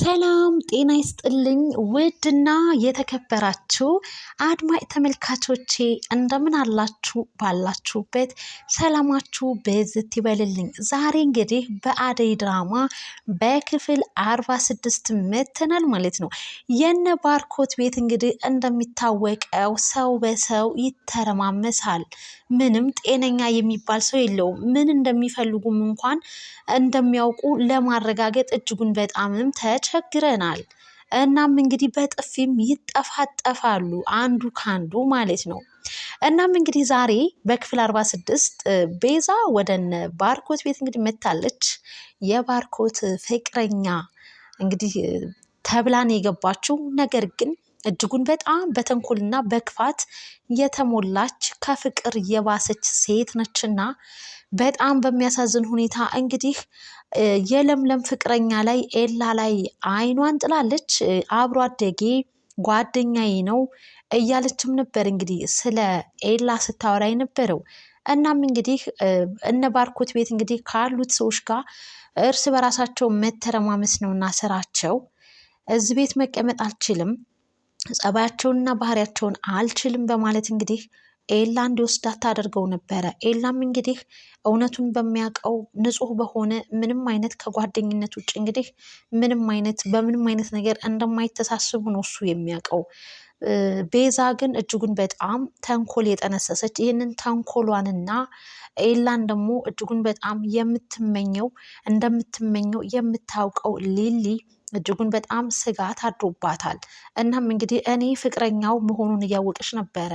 ሰላም ጤና ይስጥልኝ። ውድና የተከበራችሁ አድማጭ ተመልካቾቼ እንደምን አላችሁ? ባላችሁበት ሰላማችሁ በዝት ይበልልኝ። ዛሬ እንግዲህ በአደይ ድራማ በክፍል አርባ ስድስት መተናል ማለት ነው። የነ ባርኮት ቤት እንግዲህ እንደሚታወቀው ሰው በሰው ይተረማመሳል። ምንም ጤነኛ የሚባል ሰው የለውም። ምን እንደሚፈልጉም እንኳን እንደሚያውቁ ለማረጋገጥ እጅጉን በጣምም ተ ተቸግረናል። እናም እንግዲህ በጥፊም ይጠፋጠፋሉ አንዱ ከአንዱ ማለት ነው። እናም እንግዲህ ዛሬ በክፍል 46 ቤዛ ወደነ ባርኮት ቤት እንግዲህ መታለች። የባርኮት ፍቅረኛ እንግዲህ ተብላን የገባችው ነገር ግን እጅጉን በጣም በተንኮልና በክፋት የተሞላች ከፍቅር የባሰች ሴት ነችና በጣም በሚያሳዝን ሁኔታ እንግዲህ የለምለም ፍቅረኛ ላይ ኤላ ላይ አይኗን ጥላለች። አብሮ አደጌ ጓደኛዬ ነው እያለችም ነበር እንግዲህ ስለ ኤላ ስታወራ የነበረው። እናም እንግዲህ እነ ባርኮት ቤት እንግዲህ ካሉት ሰዎች ጋር እርስ በራሳቸው መተረማመስ ነውና ስራቸው። እዚህ ቤት መቀመጥ አልችልም ጸባያቸውንና ባህሪያቸውን አልችልም በማለት እንግዲህ ኤላ እንዲወስዳት ታደርገው ነበረ። ኤላም እንግዲህ እውነቱን በሚያውቀው ንጹህ በሆነ ምንም አይነት ከጓደኝነት ውጭ እንግዲህ ምንም አይነት በምንም አይነት ነገር እንደማይተሳስቡ ነው እሱ የሚያውቀው። ቤዛ ግን እጅጉን በጣም ተንኮል የጠነሰሰች ይህንን ተንኮሏንና ኤላን ደግሞ እጅጉን በጣም የምትመኘው እንደምትመኘው የምታውቀው ሊሊ እጅጉን በጣም ስጋት አድሮባታል። እናም እንግዲህ እኔ ፍቅረኛው መሆኑን እያወቀች ነበረ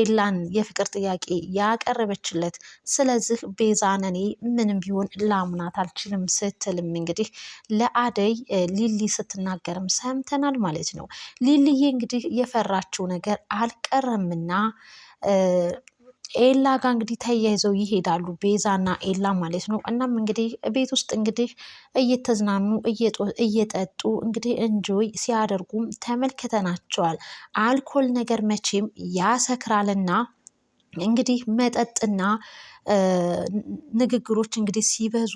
ኤላን የፍቅር ጥያቄ ያቀረበችለት። ስለዚህ ቤዛን እኔ ምንም ቢሆን ላምናት አልችልም ስትልም እንግዲህ ለአደይ ሊሊ ስትናገርም ሰምተናል ማለት ነው። ሊሊዬ እንግዲህ የፈራችው ነገር አልቀረምና ኤላ ጋር እንግዲህ ተያይዘው ይሄዳሉ ቤዛና ኤላ ማለት ነው። እናም እንግዲህ ቤት ውስጥ እንግዲህ እየተዝናኑ እየጠጡ እንግዲህ እንጆይ ሲያደርጉም ተመልክተናቸዋል። አልኮል ነገር መቼም ያሰክራልና እንግዲህ መጠጥና ንግግሮች እንግዲህ ሲበዙ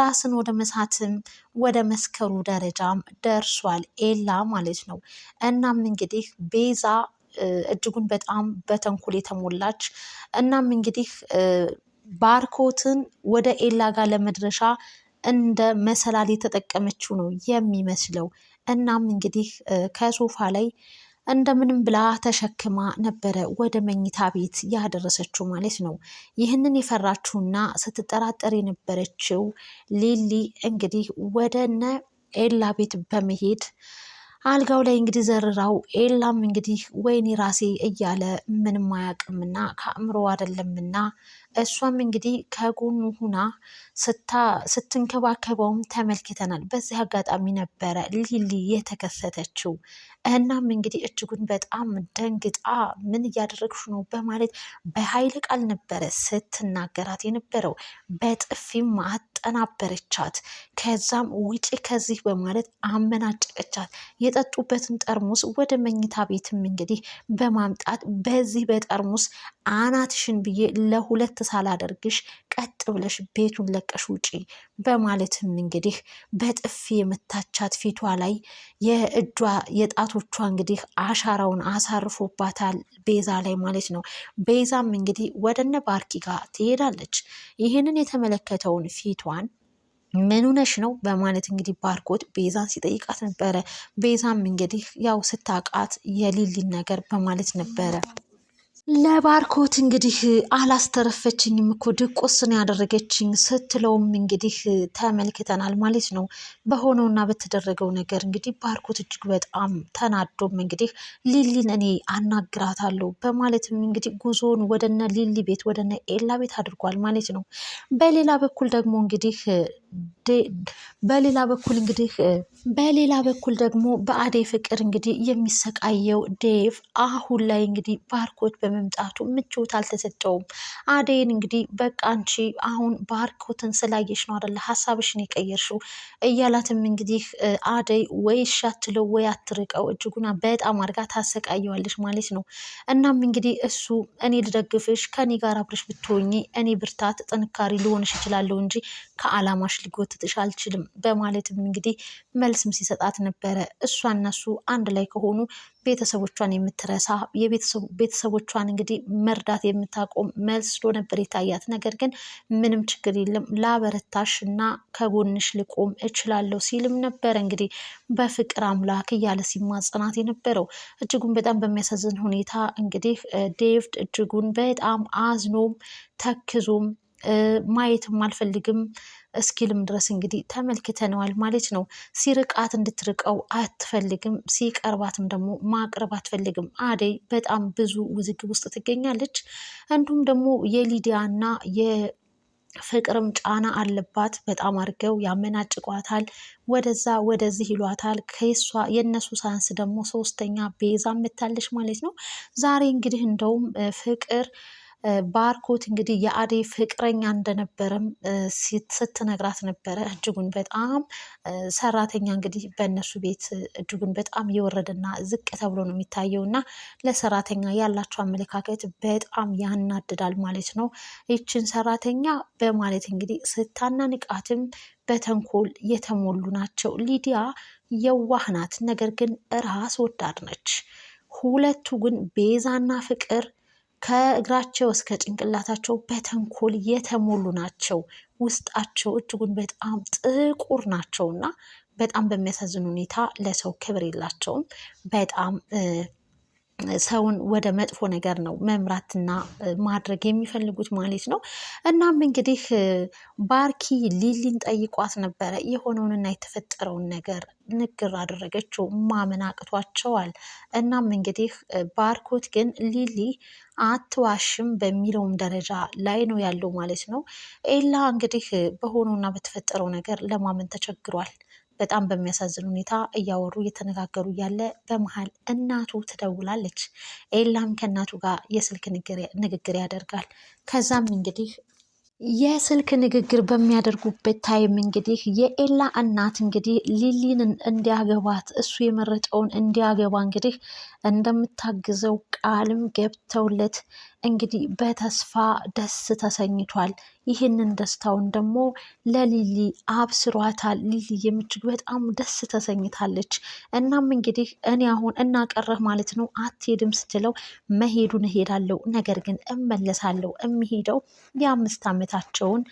ራስን ወደ መሳትም ወደ መስከሩ ደረጃም ደርሷል ኤላ ማለት ነው። እናም እንግዲህ ቤዛ እጅጉን በጣም በተንኮል የተሞላች እናም እንግዲህ ባርኮትን ወደ ኤላ ጋር ለመድረሻ እንደ መሰላል የተጠቀመችው ነው የሚመስለው። እናም እንግዲህ ከሶፋ ላይ እንደምንም ብላ ተሸክማ ነበረ ወደ መኝታ ቤት ያደረሰችው ማለት ነው። ይህንን የፈራችውና ስትጠራጠር የነበረችው ሊሊ እንግዲህ ወደ ኤላ ቤት በመሄድ አልጋው ላይ እንግዲህ ዘርራው ኤላም እንግዲህ ወይኔ ራሴ እያለ ምንም አያውቅምና ከአእምሮ አይደለምና እሷም እንግዲህ ከጎኑ ሁና ስትንከባከበውም ተመልክተናል። በዚህ አጋጣሚ ነበረ ሊሊ የተከሰተችው። እናም እንግዲህ እጅጉን በጣም ደንግጣ ምን እያደረግሽ ነው በማለት በኃይል ቃል ነበረ ስትናገራት የነበረው። በጥፊም አጠናበረቻት። ከዛም ውጪ ከዚህ በማለት አመናጨቀቻት። የጠጡበትን ጠርሙስ ወደ መኝታ ቤትም እንግዲህ በማምጣት በዚህ በጠርሙስ አናትሽን ብዬ ለሁለት ሳላደርግሽ ቀጥ ብለሽ ቤቱን ለቀሽ ውጪ በማለትም እንግዲህ በጥፊ የመታቻት ፊቷ ላይ የእጇ የጣቶቿ እንግዲህ አሻራውን አሳርፎባታል ቤዛ ላይ ማለት ነው። ቤዛም እንግዲህ ወደነ ባርኪ ጋር ትሄዳለች። ይህንን የተመለከተውን ፊቷን ምን ነው በማለት እንግዲህ ባርኮት ቤዛን ሲጠይቃት ነበረ። ቤዛም እንግዲህ ያው ስታቃት የሊሊን ነገር በማለት ነበረ ለባርኮት እንግዲህ አላስተረፈችኝም እኮ ድቁስን ያደረገችኝ ስትለውም እንግዲህ ተመልክተናል ማለት ነው። በሆነው እና በተደረገው ነገር እንግዲህ ባርኮት እጅግ በጣም ተናዶም እንግዲህ ሊሊን እኔ አናግራታለሁ በማለትም እንግዲህ ጉዞውን ወደነ ሊሊ ቤት ወደነ ኤላ ቤት አድርጓል ማለት ነው። በሌላ በኩል ደግሞ እንግዲህ በሌላ በኩል እንግዲህ በሌላ በኩል ደግሞ በአደይ ፍቅር እንግዲህ የሚሰቃየው ዴቭ አሁን ላይ እንግዲህ ባርኮት በመምጣቱ ምቾት አልተሰጠውም። አደይን እንግዲህ በቃ አንቺ አሁን ባርኮትን ስላየሽ ነው አደለ ሀሳብሽን የቀየርሽው እያላትም እንግዲህ አደይ ወይ ሻትለው ወይ አትርቀው እጅጉና በጣም አድርጋ ታሰቃየዋለች ማለት ነው። እናም እንግዲህ እሱ እኔ ልደግፍሽ፣ ከኔ ጋር አብረሽ ብትሆኚ እኔ ብርታት ጥንካሬ ልሆንሽ እችላለሁ እንጂ ከአላማሽ ልጎትትሽ አልችልም በማለትም እንግዲህ መልስም ሲሰጣት ነበረ። እሷ እነሱ አንድ ላይ ከሆኑ ቤተሰቦቿን የምትረሳ ቤተሰቦቿን እንግዲህ መርዳት የምታቆም መልስ ሎ ነበር የታያት። ነገር ግን ምንም ችግር የለም ላበረታሽ እና ከጎንሽ ልቆም እችላለሁ ሲልም ነበረ እንግዲህ በፍቅር አምላክ እያለ ሲማጽናት የነበረው። እጅጉን በጣም በሚያሳዝን ሁኔታ እንግዲህ ዴቭድ እጅጉን በጣም አዝኖም ተክዞም ማየትም አልፈልግም እስኪልም ድረስ እንግዲህ ተመልክተነዋል ማለት ነው። ሲርቃት እንድትርቀው አትፈልግም፣ ሲቀርባትም ደግሞ ማቅረብ አትፈልግም። አደይ በጣም ብዙ ውዝግብ ውስጥ ትገኛለች። እንዲሁም ደግሞ የሊዲያና ፍቅርም ጫና አለባት። በጣም አድርገው ያመናጭቋታል። ወደዛ ወደዚህ ይሏታል። ከሷ የእነሱ ሳንስ ደግሞ ሶስተኛ ቤዛ ምታለች ማለት ነው። ዛሬ እንግዲህ እንደውም ፍቅር ባርኮት እንግዲህ የአዴ ፍቅረኛ እንደነበረም ስትነግራት ነበረ። እጅጉን በጣም ሰራተኛ እንግዲህ በእነሱ ቤት እጅጉን በጣም የወረደና ዝቅ ተብሎ ነው የሚታየው እና ለሰራተኛ ያላቸው አመለካከት በጣም ያናድዳል ማለት ነው። ይችን ሰራተኛ በማለት እንግዲህ ስታና ንቃትም በተንኮል የተሞሉ ናቸው። ሊዲያ የዋህ ናት፣ ነገር ግን ራስ ወዳድ ነች። ሁለቱ ግን ቤዛና ፍቅር ከእግራቸው እስከ ጭንቅላታቸው በተንኮል የተሞሉ ናቸው። ውስጣቸው እጅጉን በጣም ጥቁር እና በጣም በሚያሳዝን ሁኔታ ለሰው ክብር የላቸውም። በጣም ሰውን ወደ መጥፎ ነገር ነው መምራትና ማድረግ የሚፈልጉት ማለት ነው። እናም እንግዲህ ባርኪ ሊሊን ጠይቋት ነበረ። የሆነውንና የተፈጠረውን ነገር ንግር አደረገችው። ማመን አቅቷቸዋል። እናም እንግዲህ ባርኮት ግን ሊሊ አትዋሽም በሚለውም ደረጃ ላይ ነው ያለው ማለት ነው። ኤላ እንግዲህ በሆነውና በተፈጠረው ነገር ለማመን ተቸግሯል። በጣም በሚያሳዝን ሁኔታ እያወሩ እየተነጋገሩ እያለ በመሀል እናቱ ትደውላለች። ኤላም ከእናቱ ጋር የስልክ ንግግር ያደርጋል። ከዛም እንግዲህ የስልክ ንግግር በሚያደርጉበት ታይም እንግዲህ የኤላ እናት እንግዲህ ሊሊን እንዲያገባት እሱ የመረጠውን እንዲያገባ እንግዲህ እንደምታግዘው ቃልም ገብተውለት እንግዲህ በተስፋ ደስ ተሰኝቷል። ይህንን ደስታውን ደግሞ ለሊሊ አብስሯታል። ሊሊ የምችግ በጣም ደስ ተሰኝታለች። እናም እንግዲህ እኔ አሁን እናቀረህ ማለት ነው አትሄድም ስትለው መሄዱን እሄዳለሁ፣ ነገር ግን እመለሳለሁ። የሚሄደው የአምስት ዓመታቸውን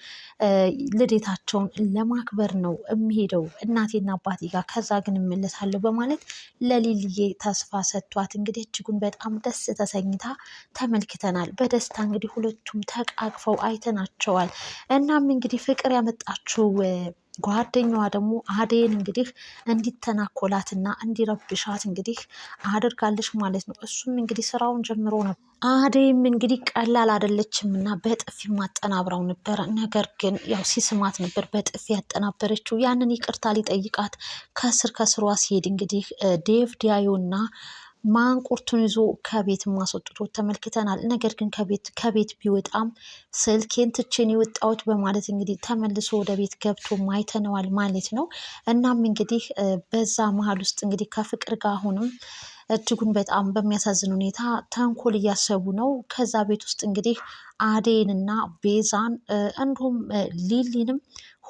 ልዴታቸውን ለማክበር ነው የሚሄደው እናቴና አባቴ ጋር፣ ከዛ ግን እመለሳለሁ በማለት ለሊልዬ ተስፋ ሰጥቷል። ሲደርሷት እንግዲህ እጅጉን በጣም ደስ ተሰኝታ ተመልክተናል። በደስታ እንግዲህ ሁለቱም ተቃቅፈው አይተናቸዋል። እናም እንግዲህ ፍቅር ያመጣችው ጓደኛዋ ደግሞ አደይን እንግዲህ እንዲተናኮላትና እንዲረብሻት እንግዲህ አድርጋለች ማለት ነው። እሱም እንግዲህ ስራውን ጀምሮ ነበር። አደይም እንግዲህ ቀላል አደለችም እና በጥፊ ማጠናብራው ነበረ። ነገር ግን ያው ሲስማት ነበር በጥፊ ያጠናበረችው። ያንን ይቅርታ ሊጠይቃት ከስር ከስሯ ሲሄድ እንግዲህ ዴቭ እና ማንቁርቱን ይዞ ከቤት ማስወጥቶ ተመልክተናል። ነገር ግን ከቤት ከቤት ቢወጣም ስልኬን ትቼን የወጣሁት በማለት እንግዲህ ተመልሶ ወደ ቤት ገብቶ ማይተነዋል ማለት ነው። እናም እንግዲህ በዛ መሀል ውስጥ እንግዲህ ከፍቅር ጋር አሁንም እጅጉን በጣም በሚያሳዝን ሁኔታ ተንኮል እያሰቡ ነው። ከዛ ቤት ውስጥ እንግዲህ አዴንና ቤዛን እንዲሁም ሊሊንም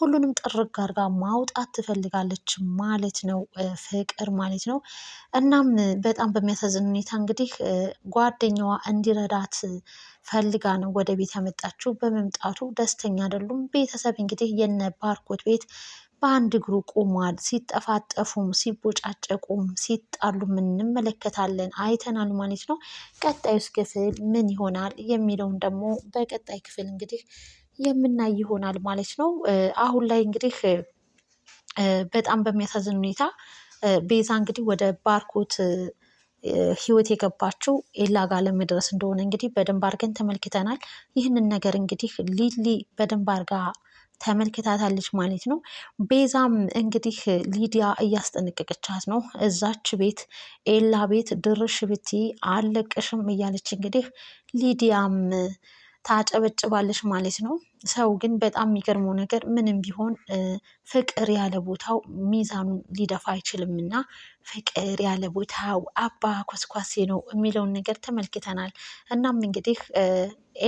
ሁሉንም ጥርግ አድርጋ ማውጣት ትፈልጋለች ማለት ነው ፍቅር ማለት ነው። እናም በጣም በሚያሳዝን ሁኔታ እንግዲህ ጓደኛዋ እንዲረዳት ፈልጋ ነው ወደ ቤት ያመጣችው። በመምጣቱ ደስተኛ አይደሉም። ቤተሰብ እንግዲህ የነ ባርኮት ቤት በአንድ እግሩ ቆሟል። ሲጠፋጠፉም ሲቦጫጨቁም ሲጣሉም እንመለከታለን አይተናል ማለት ነው። ቀጣዩስ ክፍል ምን ይሆናል የሚለውን ደግሞ በቀጣይ ክፍል እንግዲህ የምናይ ይሆናል ማለት ነው። አሁን ላይ እንግዲህ በጣም በሚያሳዝን ሁኔታ ቤዛ እንግዲህ ወደ ባርኮት ህይወት የገባችው ኤላ ጋር ለመድረስ እንደሆነ እንግዲህ በደንብ አድርገን ተመልክተናል። ይህንን ነገር እንግዲህ ሊሊ በደንብ አድርጋ ተመልክታታለች ማለት ነው። ቤዛም እንግዲህ ሊዲያ እያስጠነቀቀቻት ነው። እዛች ቤት ኤላ ቤት ድርሽ ብቲ አለቅሽም እያለች እንግዲህ ሊዲያም ታጨበጭባለች ማለት ነው። ሰው ግን በጣም የሚገርመው ነገር ምንም ቢሆን ፍቅር ያለ ቦታው ሚዛኑን ሊደፋ አይችልም እና ፍቅር ያለ ቦታው አባ ኮስኳሴ ነው የሚለውን ነገር ተመልክተናል። እናም እንግዲህ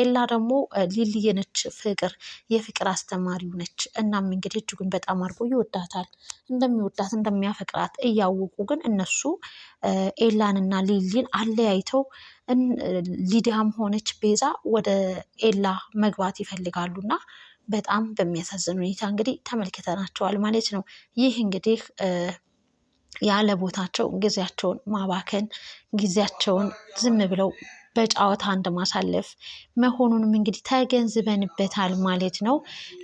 ኤላ ደግሞ ሊሊ ነች ፍቅር የፍቅር አስተማሪው ነች። እናም እንግዲህ እጅጉን በጣም አድርጎ ይወዳታል። እንደሚወዳት እንደሚያፈቅራት እያወቁ ግን እነሱ ኤላንና ሊሊን አለያይተው ሊዲያም ሆነች ቤዛ ወደ ኤላ መግባት ይፈልጋሉና በጣም በሚያሳዝን ሁኔታ እንግዲህ ተመልክተናቸዋል ማለት ነው። ይህ እንግዲህ ያለ ቦታቸው ጊዜያቸውን ማባከን ጊዜያቸውን ዝም ብለው በጨዋታ አንድ ማሳለፍ መሆኑንም እንግዲህ ተገንዝበንበታል ማለት ነው።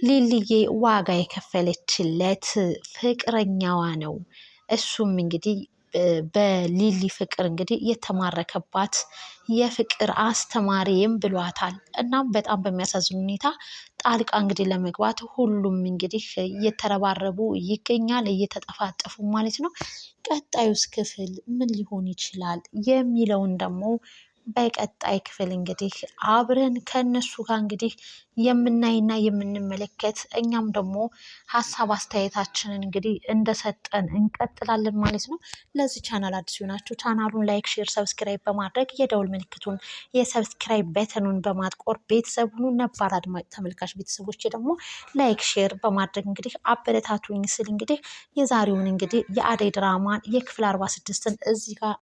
ሊልዬ ዋጋ የከፈለችለት ፍቅረኛዋ ነው። እሱም እንግዲህ በሊሊ ፍቅር እንግዲህ የተማረከባት የፍቅር አስተማሪም ብሏታል። እናም በጣም በሚያሳዝን ሁኔታ ጣልቃ እንግዲህ ለመግባት ሁሉም እንግዲህ እየተረባረቡ ይገኛል፣ እየተጠፋጠፉ ማለት ነው። ቀጣዩስ ክፍል ምን ሊሆን ይችላል የሚለውን ደግሞ በቀጣይ ክፍል እንግዲህ አብረን ከእነሱ ጋር እንግዲህ የምናይና የምንመለከት እኛም ደግሞ ሀሳብ አስተያየታችንን እንግዲህ እንደሰጠን እንቀጥላለን ማለት ነው። ለዚህ ቻናል አዲስ ሆናችሁ ቻናሉን ላይክ፣ ሼር፣ ሰብስክራይብ በማድረግ የደውል ምልክቱን የሰብስክራይብ በተኑን በማጥቆር ቤተሰብ ሁኑ። ነባር አድማጭ ተመልካች ቤተሰቦች ደግሞ ላይክ፣ ሼር በማድረግ እንግዲህ አበረታቱኝ ስል እንግዲህ የዛሬውን እንግዲህ የአደይ ድራማን የክፍል አርባ ስድስትን እዚህ ጋር